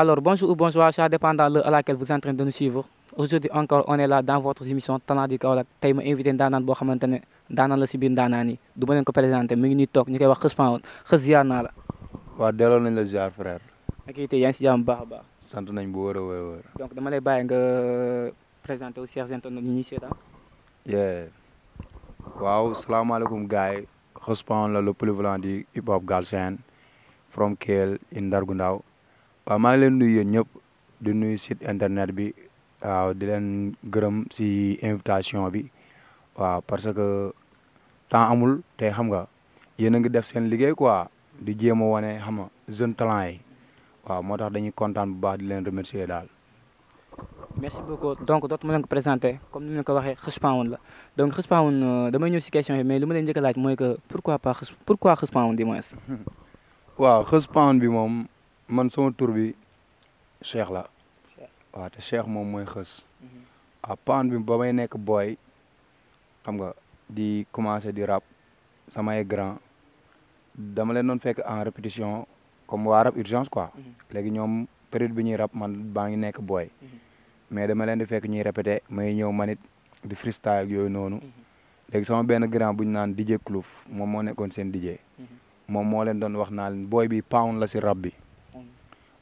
Alors bonjour ou bonsoir, chers dépendants à laquelle vous êtes en train de nous suivre. Aujourd'hui encore, on est dans votre émission Talent du Kaolack tey ma invité ndaanaan boo xamante ne ndaanaan la si biir ndaanaan yi du ma leen ko présenté mi ngi nii toog ñu koy wax xës Paon xës ziar naa la. waaw delloo nañ la ziar frère. ak it yaa ngi si jàmm baax baax. sant nañ bu wër a wër donc dama lay bàyyi nga euh, présenté wu chers internautes ñu ñuy seetaan. waaw salaamaaleykum gars yi xës la le polyvalent du hip hop Galsen from Kelle waaw maa ngi leen nuyu yéen ñëpp di nuyu site internet bi waaw di leen gërëm si invitation bi waaw parce que temps amul tey xam nga yéen a ngi def seen liggéey quoi di jéem a wane xam nga jeune talent yi waaw moo tax dañuy kontaan bu baax di leen remercier daal. merci beaucoup donc dootuma leen ko présenté comme ni ma leen ko waxee Kheuch Pawn la donc Kheuch Pawn euh, damay ñëw si question yi mais li ma leen njëkk laaj mooy que pourquoi pas pourquoi Kheuch Pawn du moom. man sama tur bi Cheikh la waaw te Cheikh moom mooy xës waaw mhm. paan bi ba may nekk booy xam nga di commencé di rap samay grand dama leen doon fekk en répétition comme waa rap urgence quoi mhm. léegi ñoom période bi ñuy rab man baa ngi nekk booy mhm. mais dama leen di fekk ñuy répété may ñëw manit di freestyle yooyu noonu léegi sama benn grand bu ñu naan DJ Klouf moom moo nekkoon seen DJ moom moo leen doon wax naa leen booy bi pound la si rab bi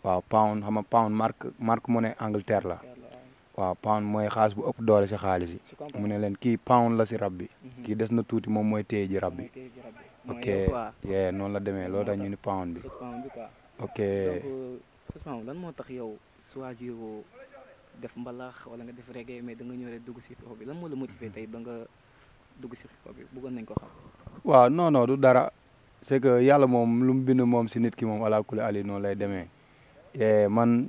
waaw pound xam nga pound marque marque monnaie Angleterre la waaw pound mooy xaalis bu ëpp doole si xaalis yi mu ne leen kii pound la si rab bi mhm. kii des na tuuti moom mooy téye ji rab bi ok yee noonu la demee loolu tax ñu ni pound bi ok donc lan moo tax yow choisir def mbalax wala nga def reggae mais da nga ñëw dugg si hip-hop bi lan ba nga dugg si bëggoon nañ ko waaw non du dara c'est yàlla moom lu mu bind moom si nit ki moom alaa kulli ali noonu lay demee Eh, man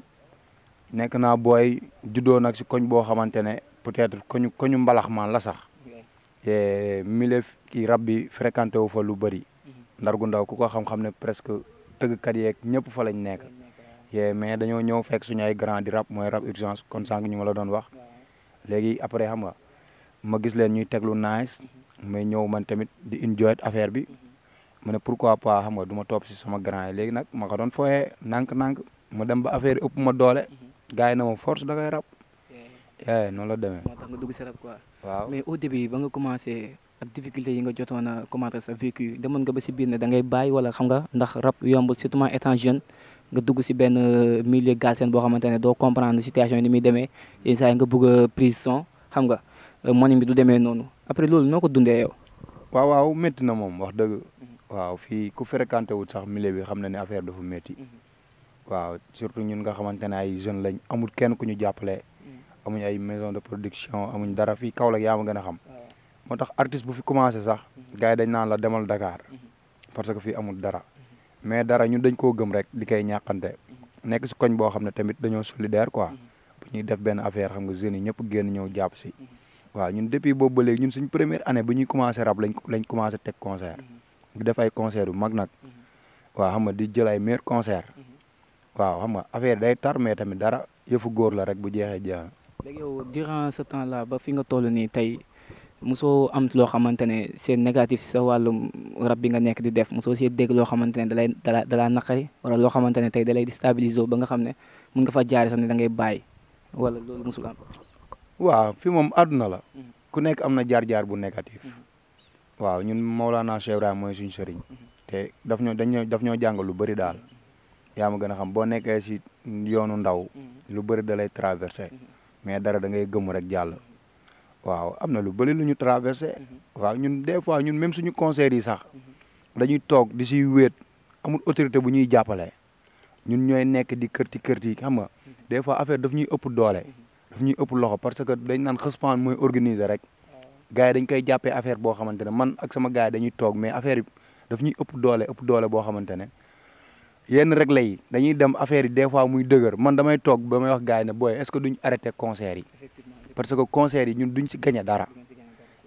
nekk naa booy juddoo nag si koñ boo xamante ne peut-être koñu koñu mbalax maan la sax eh, mille kii rab bi fréquenté wu fa lu bëri mm-hmm. ndargu ndaw ku ko xam-xam ne presque tëggkat yeeg ñëpp fa lañ nekk eh, mais dañoo ñëw fekk suñu ay grand di rab mooy rab urgence kon sànq ñu ma la doon wax léegi après xam nga ma gis leen ñuy teglu nice mm-hmm. mais ñëw man tamit di enjoy affaire bi mu mm-hmm. ne pourquoi pas xam nga duma ma si sama grand léegi nag ma ko doon fooyee nànk ma dem ba affaire ëpp ma doole. Mhm. gars yi na ma force da ngay rab. eh noonu la demee. moo tax dugg si rab quoi. waaw mais au début ba nga commencé ak yi nga jotoon a sa vécu demoon nga ba si biir ne da ngay bàyyi wala xam nga ndax rab yombul surtout étant jeune. nga dugg si benn euh, milieu galsen boo xamante ne doo comprendre situation yi muy demee mm-hmm. yenn saa bëgg a xam nga euh, monim bi du demee noonu après loolu noo ko dundee yow. waaw waaw métti na moom wax dëgg. Mm-hmm. waaw fii ku fréquenté wul sax milieu bi xam na ne affaire dafa métti. Mm-hmm. waaw surtout ñun nga xamante ne ay jeunes lañ amul kenn ku ñu jàppale. Hmm. amuñ ay maison de production amuñ dara fii Kaolack yaa ma gën a xam. moo tax artiste bu fi commencé sax. Hmm. gars dañ naan la demal dakaar hmm. parce que fi amul dara. mais dara ñun dañ koo gëm rek di koy ñàqante. nekk si koñ boo xam ne tamit dañoo solidaire quoi. bu ñuy def benn affaire xam nga jeunes yi ñëpp génn ñëw jàpp si. waaw ñun depuis boobu ba léegi ñun suñ première année bu ñuy commencé rap lañ lañ commencé teg concert. di def ay concert yu mag nag. waaw xam nga di jël ay meilleurs concert waaw xam nga affaire day tar mais tamit dara yëfu góor la rek bu jeexee jeex na. léegi yow durant ce temps là ba fi nga toll nii tey mosoo am loo xamante ne c'est négatif si sa wàllu rab bi nga nekk di def mosoo see dégg loo xamante ne dalay dalaa dalaa naqari wala loo xamante ne tey dalay déstabiliser ba nga xam ne mun nga fa jaare sax ne da ngay bàyyi wala loolu mosul am. waaw fi moom àdduna la. Mhm. ku nekk am na jaar-jaar bu négatif. Mhm. waaw ñun Maulana Cheikh Ibrahima mooy suñu sëriñ. Mhm. te daf ñoo dañ ñoo daf ñoo jàng lu bari daal. yaa ma gën a xam boo nekkee si yoonu ndaw mm-hmm. lu bëri da lay traversé mm-hmm. mais dara da ngay gëmu rek jàll waaw am na lu bëri lu ñu traversé mm-hmm. waaw ñun des fois ñun même suñu concert yi sax dañuy toog di si wéet amul autorité bu ñuy jàppale ñun ñooy nekk di kërti kërti xam nga des fois affaire daf ñuy ëpp doole daf ñuy ëpp loxo parce que dañ naan xëspan mooy organiser rek oh. gars koy jàppee affaire boo xamante ne man ak sama gars yi toog mais affaire yi daf ñuy doole ëpp doole boo xamante ne yenn réglé yi dañuy dem affaire yi des fois muy dëgër man damay toog ba may wax gars yi ne booy est-ce que duñ arrêté concert yi parce que concert yi ñun duñ ci gagné dara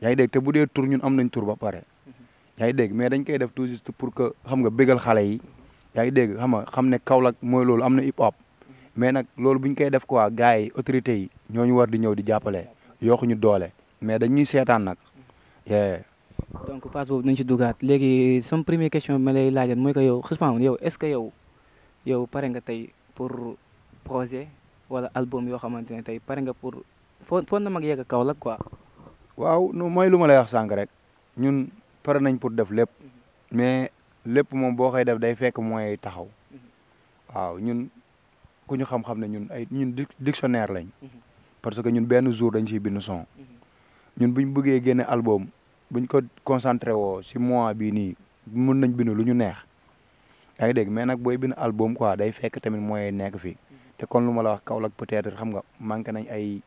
yaa ngi dégg te bu dee tour ñun am nañ tour ba pare mhm. yaa ngi dégg mais dañ koy def tout juste pour que xam nga bégal xale yi yaa ngi dégg xam nga xam ne Kaolack mooy loolu am na i hop mhm. mais nag loolu bu ñu koy def quoi gars yi autorités yi ñooñu war di ñëw di jàppale yokku ñu doole mais dañuy seetaan nag mhm. donc passe boobu nañ ci dugaat léegi sama première question bi ma mooy que yow Ousmane yow est-ce que yow yow pare nga tey pour projet wala album yoo xamante ne tey pare nga pour fo foo na mag yegg kaw la quoi. waaw non mooy lu ma lay wax sànq rek ñun pare nañ pour def lépp mm-hmm. mais lépp moom boo koy def day fekk mooy taxaw mm-hmm. waaw ñun ku ñu xam-xam ne ñun ay ñun dictionnaire lañ mm-hmm. parce que ñun benn jour dañ ciy bind son ñun buñ bëggee génne album. buñ ko concentré woo si mois bii nii mun nañ bind lu ñu neex yaa ngi dégg mais nag booy bind album quoi day fekk tamit mooy nekk fi te kon lu ma la wax Kaolack peut-être xam nga manqué nañ ay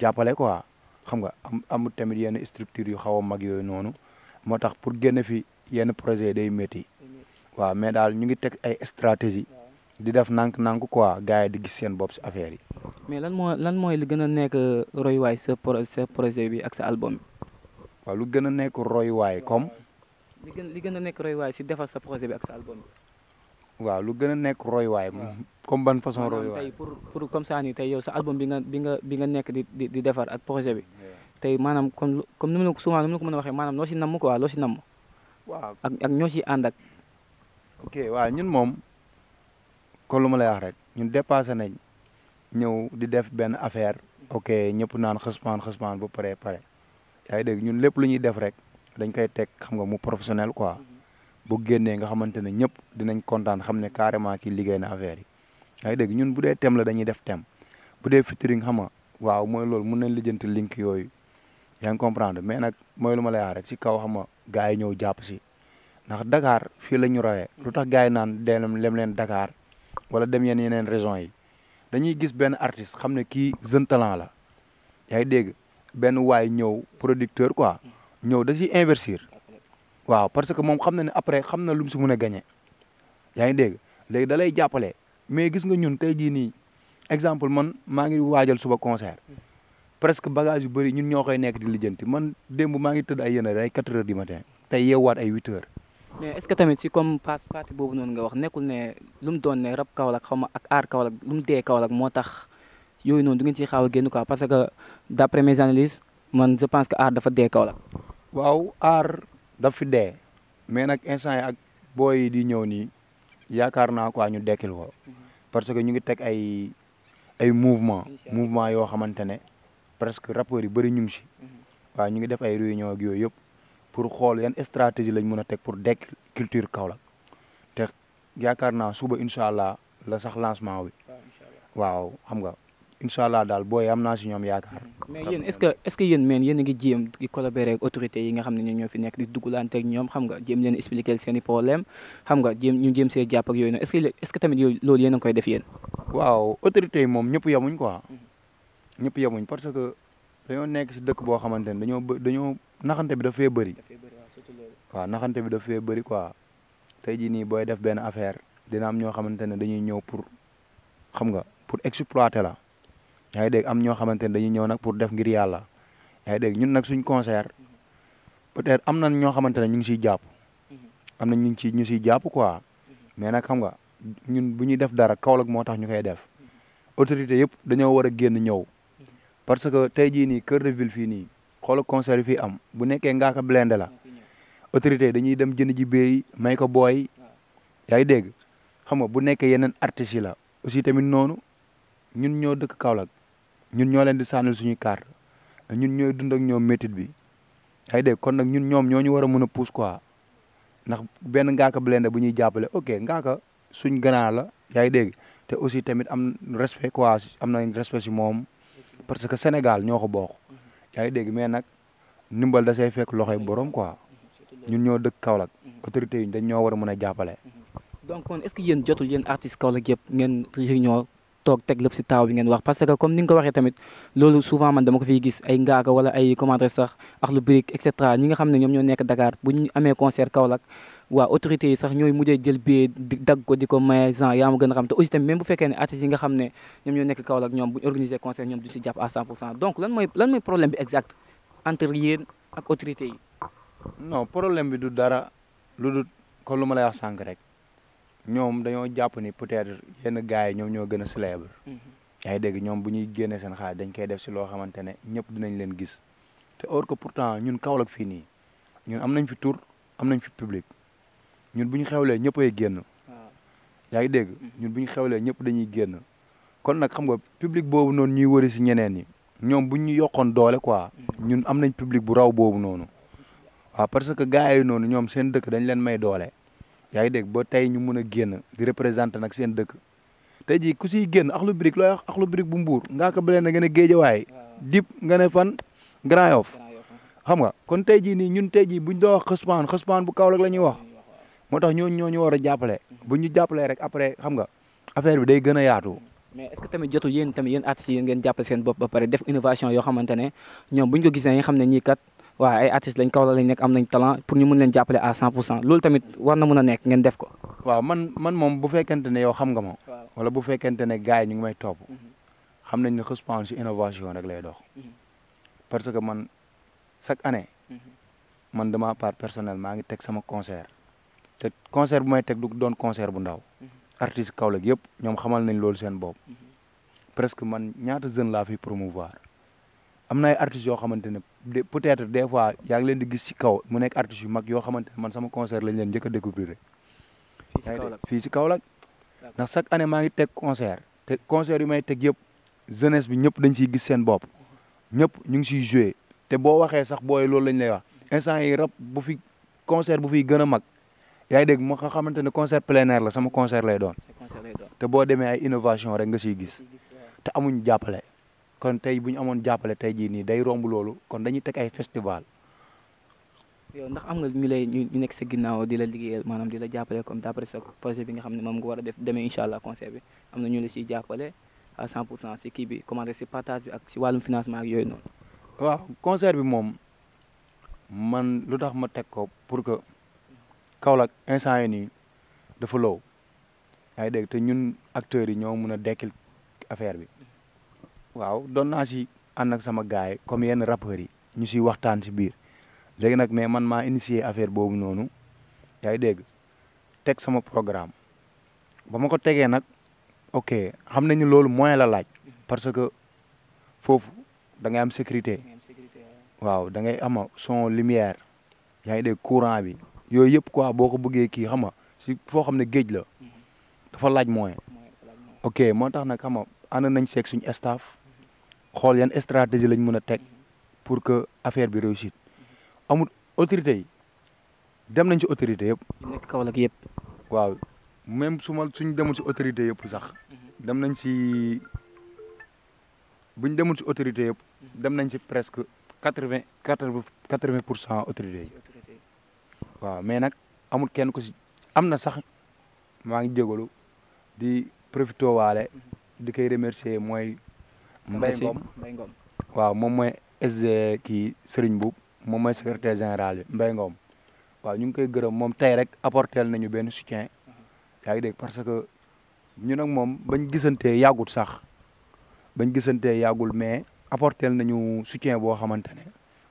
jàppale quoi xam nga am amul tamit yenn structure yu xaw a mag yooyu noonu moo tax pour génn fi yenn projet day métti waaw mais daal ñu ngi teg ay stratégie di def nànk-nànk quoi gars yi di gis seen bopp si affaire yi. mais lan moo lan mooy li gën a nekk euh, royuwaay sa projet bi ak sa album waaw lu gën a nekk royuwaay comme. li li gën a nekk royuwaay si defar sa projet bi ak sa album bi. waaw lu gën a nekk waay royuwaay. comme ban façon royuwaay. tey pour pour comme ça nii tey yow sa album bi nga bi nga bi nga nekk di di defar ak projet bi. tey maanaam comme comme ni ma la ko souvent ni ko mën a waxee maanaam loo si namm quoi loo si namm. ak ñoo si ànd ak. ñun moom. kon lu ma lay wax rek ñun dépassé nañ ñëw di def benn affaire. ok ñëpp naan xëspaan xëspaan bu pare pare. yaa ngi dégg ñun lépp lu ñuy def rek dañ koy teg xam nga mu professionnel quoi mm-hmm. bu génnee nga xamante ne ñëpp dinañ kontaan xam ne carrément kii liggéey na affaire yi yaa ngi dégg ñun bu dee thème la dañuy def thème bu dee featuring xam nga waaw mooy loolu mun nañ lijjanti link yooyu yaa ngi comprendre mais nag mooy lu ma lay wax rek si kaw xam nga gars yi ñëw jàpp si ndax dakaar fii la ñu rawee mm-hmm. lu tax gars yi naan dem lem leen Dakar wala dem yenn yeneen régions yi dañuy gis benn artiste xam ne kii jeune la yaa dégg benn waay ñëw producteur quoi ñëw da ciy investir waaw parce que moom xam na ne après xam na lu mu ne mën a gagné yaa ngi dégg léegi da lay jàppale mais gis nga ñun tey jii nii exemple man maa ngi waajal suba concert presque bagage yu bëri ñun ñoo koy nekk di lijjanti man démb maa ngi tëdd ay yéen ay quatre heures du matin tey yeewaat ay huit heures. mais est ce que si comme pass parti boobu noonu nga wax nekkul ne lu mu doon ne rab Kaolack xaw ma ak aar Kaolack lu mu dee Kaolack moo tax. yooyu noonu du nga ci xaaw a génn quoi parce que d' après mes analyses man je pense que aar dafa dee kaw la. waaw aar daf fi dee mais nag instant yi ak booy di ñëw nii yaakaar naa quoi ñu dekkil ko parce que ñu ngi teg ay ay mouvement mouvement yoo xamante ne presque rapport yi bëri ñu ngi si mhm. waaw ñu ngi def ay réunion ak yooyu yëpp pour xool yan stratégie lañ mun a teg pour dekk culture Kaolack te yaakaar naa suba incha allah la sax lancement bi waaw xam nga incha allah daal boo am naa si ñoom yaakaar. mais yéen est ce que est ce que yéen meen yéen a ngi jéem di collaborer ak yi nga xam ne ñoo fi nekk di duggalante ak ñoom xam nga jéem leen expliquer nga jéem ñu jéem see jàpp ak yooyu noonu est ce que est ce que tamit yooyu loolu yéen waaw autorités yi moom ñëpp yemuñ quoi. Mm-hmm. ñëpp yemuñ parce que dañoo nekk si dëkk boo xamante ne dañoo dañoo naxante bi daf fee bëri. waaw naxante bi daf fee bëri quoi tey jii nii booy def benn affaire dina am ñoo xamante ne dañuy ñëw pour xam nga pour exploiter la yaa ngi dégg am ñoo xamante ne dañuy ñëw nag pour def ngir yàlla yaa dégg ñun nag suñ concert peut-être am na ñoo xamante ne ñu ngi siy jàpp mm-hmm. am na ñu ngi ci ñu siy jàpp quoi mm-hmm. mais nag xam nga ñun bu ñuy def dara Kaolack moo tax ñu koy def mm-hmm. autorité yëpp dañoo war a génn ñëw parce que tey jii nii kër de ville fi nii xoola concert yi fii am bu nekkee ngaa ko blindé la autorité dañuy dem jënd ji béy may ko booy yaa ngi dégg xam nga bu nekkee yeneen artistes la aussi tamit noonu ñun ñoo dëkk Kaolack ñun ñoo leen di sànnil suñuy kaar ñun ñoo dund ak ñoom métit bi ay dégg kon nag ñun ñoom ñoo ñu war a mën a pousse quoi ndax benn ngaaka Blindé bu ñuy jàppale ok ngaaka suñ ganaar la yaa ngi dégg te aussi tamit am respect quoi am na respect si moom parce que Sénégal ñoo ko bokk yaa ngi dégg mais nag ndimbal da say fekk loxoy borom quoi ñun ñoo dëkk Kaolack autorités yi dañ ñoo war mun a jàppale. donc kon est-ce que yéen jotul yéen artistes Kaolack yëpp ngeen réunion toog teg lépp si taaw bi ngeen wax parce que comme ni nga ko waxee tamit loolu souvent man dama ko fiy gis ay ngaaka wala ay commandé sax ak lu brique et ñi nga xam ne ñoom ñoo nekk Dakar bu ñu amee concert Kaolack waa autorité yi sax ñooy mujjee jël billet di ko di ko maye gens a xam ne artistes yi nga ne ñoom ñoo nekk Kaolack ñoom bu ñu organiser concert ñoom duñ si jàpp à 100 pour cent donc lan mooy lan problème bi exact entre yéen ak autorité yi non problème bi du dara lu dul ko lu ma la wax sànq rek ñoom dañoo jàpp ni peut yenn gars yi ñoom ñoo gën a célèbre mhm. yaa dégg ñoom bu ñuy génnee seen xaalis dañ koy def si loo xamante ne ñëpp dinañ leen gis te or que pourtant ñun Kaolack fii nii ñun am nañ fi tour am nañ fi public ñun bu ñu xewlee ñëpp ay génn yaa ngi dégg mhm. ñun bu ñu ñëpp dañuy génn kon nag xam nga public boobu noonu ñuy wëri si ñeneen ñi ñoom buñ ñu yokkoon doole quoi mhm. ñun am nañ public bu raw boobu noonu waaw parce que gars yi noonu ñoom seen dëkk dañ leen may doole yaa ngi dégg ba tey ñu mun a génn di représenté nag seen dëkk tey jii ku si génn Akhlou Brick looy wax Akhlou Brick bu mbuur ngaa ko bële na nga ne géejawaay dip nga ne fan Grand Yoff xam nga kon tey jii nii ñun tey ji buñ doon wax xëspaan xëspaan bu Kaolack la ñuy wax moo tax ñooñu ñoo ñu war a jàppale mhm. bu ñu jàppalee rek après xam nga affaire bi day gën a yaatu mais est tamit jotu yéen tamit yéen artistes yi ngeen jàppale seen bopp ba pare def innovation yoo xamante ne ñoom buñ ko gisee nga xam ne ñii kat waaw ay artistes lañ Kaolack lañ nekk am nañ talent pour ñu mën leen jàppale à 100 pour cent loolu tamit war na mën a nekk ngeen def ko. waaw man man moom bu fekkente ne yow xam nga ma. wala bu fekkente ne gars yi ñu ngi may topp. Mhm. xam nañ ne xëspaan si innovation rek lay dox. Mhm. parce que man chaque année. Mhm. man de ma part personnelle maa ngi teg sama concert. te concert bu may teg du doon concert bu ndaw. artiste Kaolack yëpp ñoom xamal nañ loolu seen bopp. presque man ñaata jeune laa fi promouvoir. am na ay artistes yoo xamante ne peut-être des fois yaa ngi leen di gis si kaw mu nekk artistes yu mag yoo xamante ne man sama concert lañ leen njëkk a découvrir fii ci Kaolack ndax chaque année maa ngi teg concert te concert yu teg yëpp jeunesse bi ñëpp dañ ciy gis seen bopp ñëpp ñu ngi ciy joué te boo waxee sax booy loolu lañ lay wax instant yi rab bu fi concert bu fiy gën a mag yaa ngi dégg moo nga xamante ne concert plein la sama concert lay doon te boo demee ay innovation rek nga si gis te amuñ jàppale kon tey bu ñu amoon jàppale tey jii nii day romb loolu kon dañuy teg ay festival yow ndax am nga ñu lay ñu nekk sa ginnaaw di la liggéeyal maanaam di la jàppale comme d'après sa projet bi nga xam ne moom nga war a def demee incha am na ñu la siy jàppale à cent si kii bi comment si partage ak si wàllum financement ak yooyu noonu waaw concert bi moom man lu tax ma teg ko pour que Kaolack instant yi nii dafa low yaa ngi dégg te ñun acteurs yi ñoo mun a dekkil affaire bi waaw doon naa si ànd ak sama gaay comme yenn rappeurs yi ñu siy waxtaan si biir léegi nag mais man maa initié affaire boobu noonu yaa ngi teg sama programme ba ma ko tegee nag ok xam nañu loolu moyen la laaj parce que foofu da ngay am sécurité waaw da ngay ama son lumière yaa ngi dégg courant bi yooyu yëpp quoi boo ko bëggee kii xam nga si foo xam ne géej la mhm. dafa laaj moyen ok moo tax nag xam nañ seeg suñu staff xool yan stratégie lañ mën a teg pour que affaire bi réussite amul autorité yi dem nañ ci autorité yëpp. nekk Kaolack yëpp. waaw même su suñ demul ci autorité yëpp sax. dem nañ si buñ demul ci autorité yëpp. dem nañ si presque quatre vingt quatre vingt pour cent autorité yi. waaw mais nag amul kenn ku si am na sax maa ngi jégalu di profité waale di koy remercier mooy. mbay Ngom mbay waaw moom mooy SG kii Serigne bu moom mooy secrétaire général bi mbay ngoom waaw ñu ngi koy gërëm moom tey rek apporter nañu benn soutien yaa dégg parce que ñu ak moom bañ gisantee yàggul sax bañ gisantee yàggul mais apporter nañu soutien boo xamante ne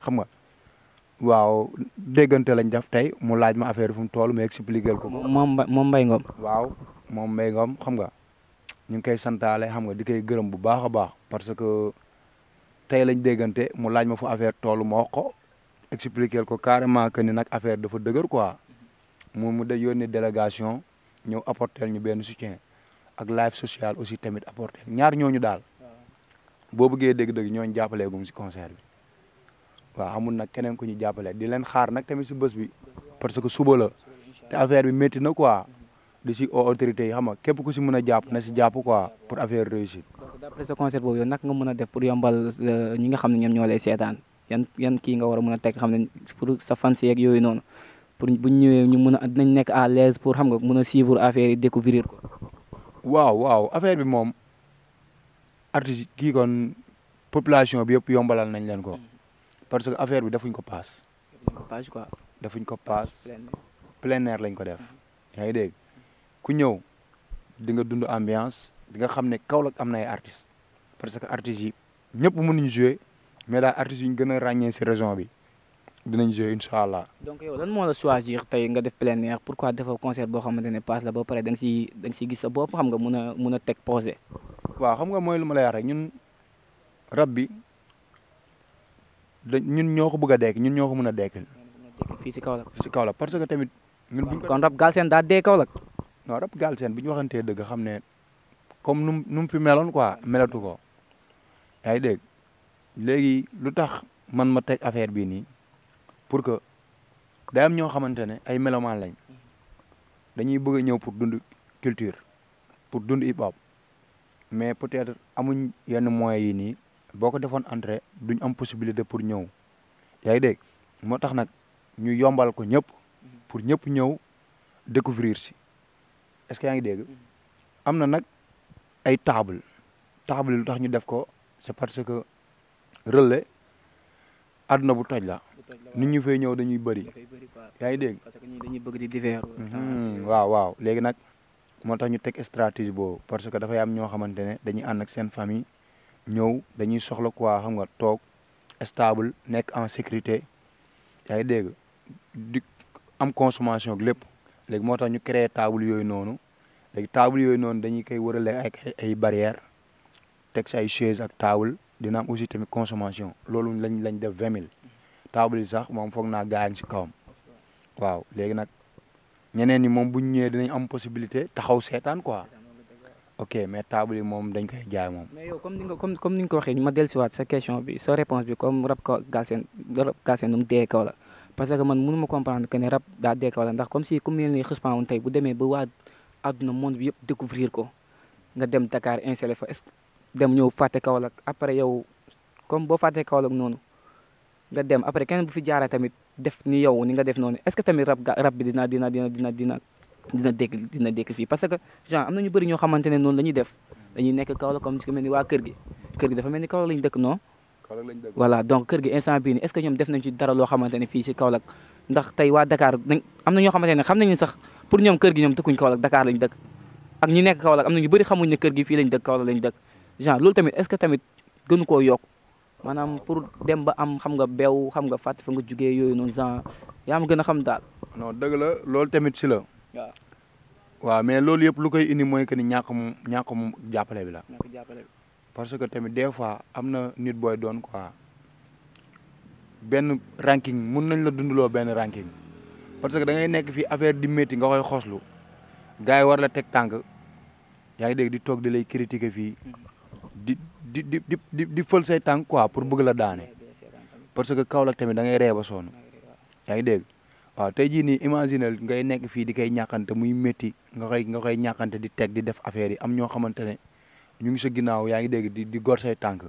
xam nga waaw déggante lañ daf tey mu laaj ma affaire fu mu toll mu expliquer ko. moom moom Mbaye Ngom. waaw moom Mbaye Ngom xam nga. ñu ngi koy santaale xam nga di koy gërëm bu baax a baax parce que tey lañ déggante mu laaj ma fu affaire toolu ma wax ko expliquer ko carrément que ni nag affaire dafa dëgër quoi mu mu de yónnee délégation ñëw apporter ñu benn soutien ak life sociale aussi tamit apporter ñaar ñooñu daal boo bëggee dégg-dëgg ñooñ jàppalee gum si concert bi waaw amul nag keneen ku ñu jàppalee di leen xaar nag tamit si bés bi parce que suba la te affaire bi métti na quoi di si au autorité yi xam nga képp ku si mun a jàpp na si jàpp quoi pour affaire réussite. donc d' après ce concert boobu yow naka a def euh, nga xam ne ñoom ñoo lay seetaan yan yan kii nga a mën a teg xam ne pour sa yooyu noonu pour bu ñu ñëwee ñu mën a dinañ nekk à l'aise pour xam nga mën a suivre affaire yi découvrir ko. waaw waaw affaire bi moom artiste kii kon population bi yëpp yombalal nañ leen ko. Mm-hmm. parce que affaire bi defuñ ko paas. defuñ quoi. defuñ ko paas plein lañ ko def. Mm-hmm. yaa ngi dégg. ku ñëw di nga dund ambiance di nga xam ne Kaolack am na ay artistes parce que artistes yi ñëpp mënuñ jouer mais daal artistes yi ñu gën a ràññee si région bi dinañ jouer incha allah. donc yow lan moo la choisir tey nga def plein air pourquoi defoo concert boo xamante ne passe la ba pare da nga siy da nga gis sa bopp xam nga mun a mun a teg projet. waaw xam nga mooy lu ma lay wax rek ñun rab bi da ñun ñoo ko a dekk ñun ñoo ko mën a dekkal. fii si Kaolack parce que tamit. ñun buñ kon rab gaal seen daa dee Kaolack. non rap Galsen bi ñu waxantee dëgg xam ne comme nu nu mu fi meloon quoi melatu ko yaa ngi dégg léegi lu tax man ma teg affaire bii nii pour que day am ñoo xamante ne ay melomaan lañ dañuy bëgg a ñëw pour dund culture pour dund hip mais peut-être amuñ yenn moyens yi nii boo ko defoon entrée duñ am possibilité pour ñëw yaa ngi dégg moo tax nag ñu yombal ko ñëpp pour ñëpp ñëw découvrir si est-ce que yaa ngi dégg am na nag ay table table lu tax ñu def ko c'est parce que relais àdduna bu toj la nu ñu fay ñëw dañuy bëri yaa ngi dégg parce que ñi dañuy bëgg di divers mhm, waaw waaw léegi nag moo tax ñu teg stratégie boobu parce que dafay am ñoo xamante ne dañuy ànd ak seen famille ñëw dañuy soxla quoi xam nga toog stable nekk en sécurité yaa ngi dégg di am consommation lépp léegi moo tax ñu créé table yooyu noonu léegi table yooyu noonu dañuy koy wërale ak ay barrières teg si ay chaise ak table dina am aussi tamit consommation loolu lañ lañ def vingt mille table yi sax moom foog naa gaa ngi si kawam waaw léegi nag ñeneen ñi moom bu ñu ñëwee dinañ am possibilité taxaw seetaan quoi ok mais table yi moom dañ koy jaay moom. mais yow comme ni nga comme comme ni nga ko waxee question bi sa réponse bi comme rab ko Galsen dee kaw la. parce que man mënu ma comprendre que ne rab daa dekk wala ndax comme si ku mel ni Xuspan woon tey bu demee ba waa àdduna monde bi yëpp découvrir ko nga dem dakaar installé fa dem ñëw fàtte Kaolack après yow comme boo fàtte Kaolack noonu nga dem après kenn bu fi jaaree tamit def ni yow ni nga def noonu est-ce que tamit rab rab bi dina dina dina dina dina dina dégg dina dégg fii parce que genre am na ñu bëri ñoo xamante ne noonu lañuy def dañuy nekk Kaolack comme si ku mel ni waa kër gi kër gi dafa mel ni Kaolack la ñu dëkk non voilà donc kër gi instant bii nii est ce que ñoom def nañ ci dara loo xamante fii si Kaolack ndax tey waa Dakar am na ñoo xamante ne xam nañ ne sax pour ñoom kër gi ñoom dëkkuñ Kaolack Dakar lañ dëkk ak ñi nekk Kaolack am na ñu bëri xamuñ ne kër gi fii lañ dëkk Kaolack lañ dëkk genre loolu tamit est koo yokk maanaam pour dem ba am xam nga beew xam nga fàtte fa nga jugee yooyu noonu genre yaa ma gën a xam daal non dëgg la loolu tamit si la waaw mais loolu yëpp lu koy indi mooy que ni ñàkk mu ñàkk mu jàppale bi la parce que tamit des fois am na nit booy doon quoi benn ranking mun nañ la dundaloo benn ranking parce que da ngay nekk fii affaire di métti nga koy xoslu gars yi war la teg tànk yaa ngi dégg di toog di lay critiquer fii di di di di di fël say tànk pour bëgg la daane parce que Kaolack tamit da ngay ree ba sonn yaa ngi dégg waaw tey jii nii imaginel ngay nekk fii di koy ñàkkante muy métti nga koy nga koy ñàkkante di teg di def affaire yi am ñoo xamante ne. ñu ngi sa ginnaaw yaa ngi dégg di di gor say tànk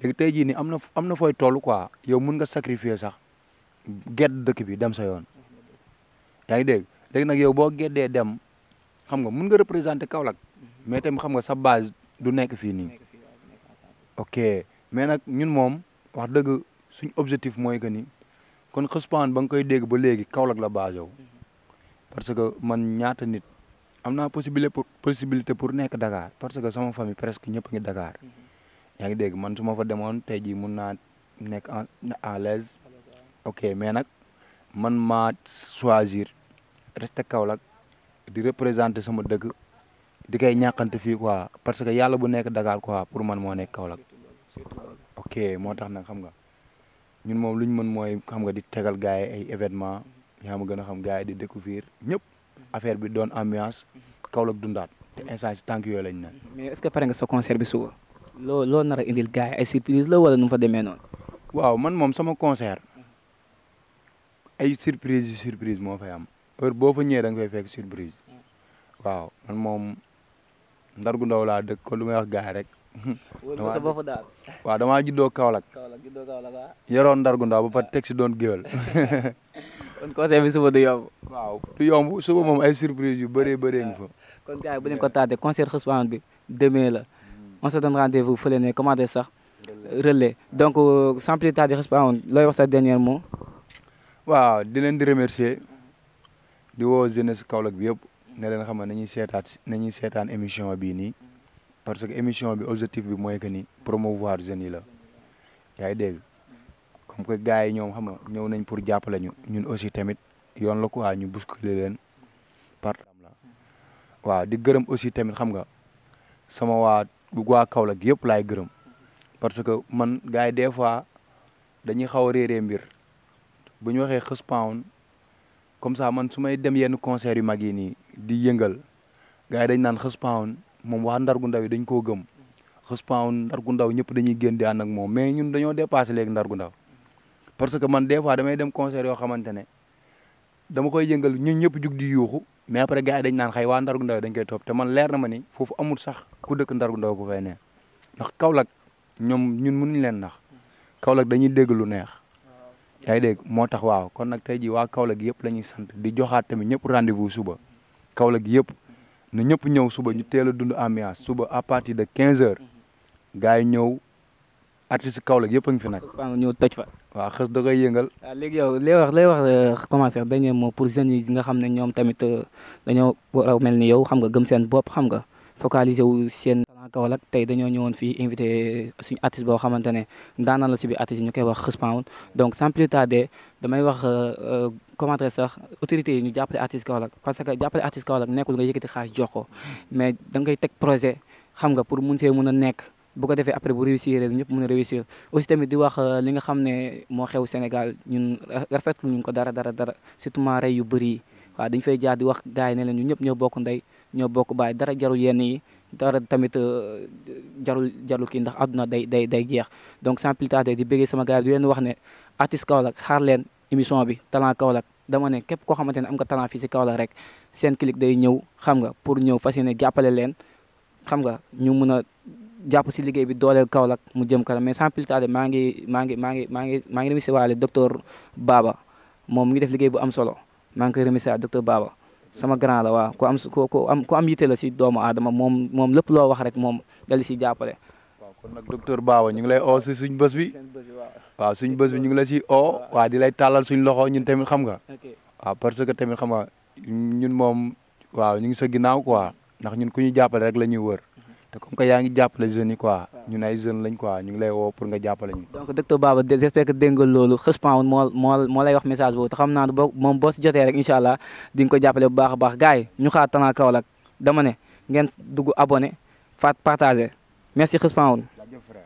léegi tey jii nii am na am na fooy toll quoi yow mun nga sacrifier sax gedd dëkk bi dem sa yoon yaa ngi dégg léegi nag yow boo geddee dem xam nga mun nga représenter Kaolack mais tamit xam nga sa base du nekk fii nii ok mais nag ñun moom wax dëgg suñ objectif mooy que ni kon xëspaan ba nga koy dégg ba léegi Kaolack la base yow parce que man ñaata nit am naa possibilité pour possibilité pour nekk Dakar parce que sama famille presque ñëpp ngi Dakar mhm. yaa ngi dégg man su ma fa demoon tey jii mun naa nekk en à l'aise ok mais nag man maa choisir rester Kaolack di représenter sama dëkk di koy ñàkkante fii quoi parce que yàlla bu nekk Dakar quoi pour man moo nekk Kaolack ok moo tax nag xam nga ñun moom lu ñu mën mooy xam nga di tegal gars yi ay événement mhm. yaa ma gën a xam gars yi di découvrir ñëpp. affaire bi doon ambiance Kaolack dundaat te instant si tànk yooyu lañ ne. mais est que pare nga sa concert bi suba. loo loo a indil gars ay surprise la wala nu mu fa demee waaw man moom sama concert ay surprise surprise moo fay am heure boo fa ñëwee da nga fay fekk surprise waaw man moom ndar ndaw laa dëkk ko lu may wax gars rek. wóor sa bopp daal waaw damaa juddoo Kaolack. Kaolack juddoo yoroon ndar gu ba pare teg si doon géwél. kon conseil bi suba du yomb. waaw du yomb suba moom ay surprise yu bëree bëree ngi fa. kon gars yi bu leen ko tardé concert Xeuss Band bi demain la hmm. on se donne rendez-vous ne commandé sax relais donc euh, sans plus tarder Xeuss Band looy wax sa dernier mot. waaw di leen di remercier di woo jeunesse Kaolack bi yëpp ne leen na ne nañuy seetaat nañuy seetaan émission bii nii parce que émission bi objectif bi mooy que ni promouvoir jeunes yi la yaa ngi dégg. comme que gars yi ñoom xam nga ñëw nañ pour jàppale ñu ñun aussi tamit yoon la quoi ñu bousculer leen par la waaw di gërëm aussi tamit xam nga sama waa waa Kaolack yëpp laay gërëm parce que man gars yi des fois dañuy xaw a réeree mbir bu ñu waxee xës pound comme sax man su may dem yenn concert yu mag yi nii di yëngal gars dañ naan xës pound moom waa ndargu ndaw yi dañ koo gëm xës pound ndargu ndaw ñëpp dañuy génn di ànd ak moom mais ñun dañoo dépassé léegi ndargu ndaw parce que man des fois damay dem concert yoo xamante ne dama koy yëngal ñun ñëpp jug di yuuxu mais après gars yi dañ naan xëy waa Ndargu Ndaw dañ koy topp te man leer na ma ni foofu amul sax ku dëkk Ndargu Ndaw ku fay ne ndax Kaolack ñoom ñun mënuñ leen nax Kaolack dañuy dégg lu neex yaa ngi moo tax waaw kon nag tey ji waa Kaolack yëpp la sant di joxaat tamit ñëpp rendez-vous suba Kaolack yëpp nu ñëpp ñëw suba ñu teel a dund ambiance suba à partir de quinze heures mm-hmm. gars yi ñëw artiste Kaolack yëpp a fi nag. ñëw toj fa. waaw xës da koy yëngal. léegi yow lay wax lay wax euh, commencé dernier mot ne ñoom tamit euh, dañoo war mel ni yow xam nga gëm seen bopp xam nga focaliser wu seen talent Kaolack tey dañoo ñëwoon fii invité suñu artiste boo xamante ne daanaan la si biir artiste yi ñu koy wax Kheuch Pawn donc sans plus damay wax euh, commentaire sax autorités yi ñu jàppale artiste Kaolack parce que jàppale artiste Kaolack nekkul nga yëkkati xaalis jox ko mais da teg projet xam nga pour mun see mun a nekk. bu ko defee après bu réussir ñëpp mën a réussir aussi tamit di wax euh, li nga xam ne moo xew Sénégal ñun rafetlu ñu ko dara dara dara surtout maa rey yu bëri yi waaw dañ fay jaar di wax gars yi ne leen ñun ñëpp ñoo bokk ndey ñoo bokk baay dara jarul yenn yi dara tamit euh, jarul jarul kii ndax adduna day day day jeex donc sans di bëggee sama gars yi di leen wax ne artiste Kaolack xaar leen émission bi talent Kaolack dama ne képp koo xamante ne am nga talent fii si Kaolack rek seen clic day ñëw xam nga pour ñëw fas yéene jàppale leen xam nga jàpp si liggéey bi dooleel kaw Kaolack mu jëm kanam mais sans plus tarder maa ngi maa ngi maa ngi maa ngi maa ngi remercier waale docteur Baba moom mu ngi def liggéey bu am solo maa koy remercier à docteur Baba sama grand la waa ko am ku ku am ku am yitte la si doomu aadama moom moom lépp loo wax rek moom dali si jàppale. waaw kon nag docteur Baba ñu ngi lay o si suñ bës bi waaw suñ bés bi ñu ngi la si o waa di lay tàllal suñ loxo ñun tamit xam nga waaw parce que tamit xam nga ñun moom waaw ñu ngi sa ginnaaw quoi ndax ñun ku ñu jàppale rek la ñuy wër te comme que yaa ngi jàppale jeunes yi quoi ñun ay jeunes lañ lay woo pour nga jàppale ñu. donc docteur Baba j'espère que nga loolu xëspan moo moo lay wax message boobu te xam boo moom boo si jotee rek incha allah di jàppale baax a baax gars ñu xaar Tana Kaolack dama ne ngeen dugg abonné faat merci xëspan woon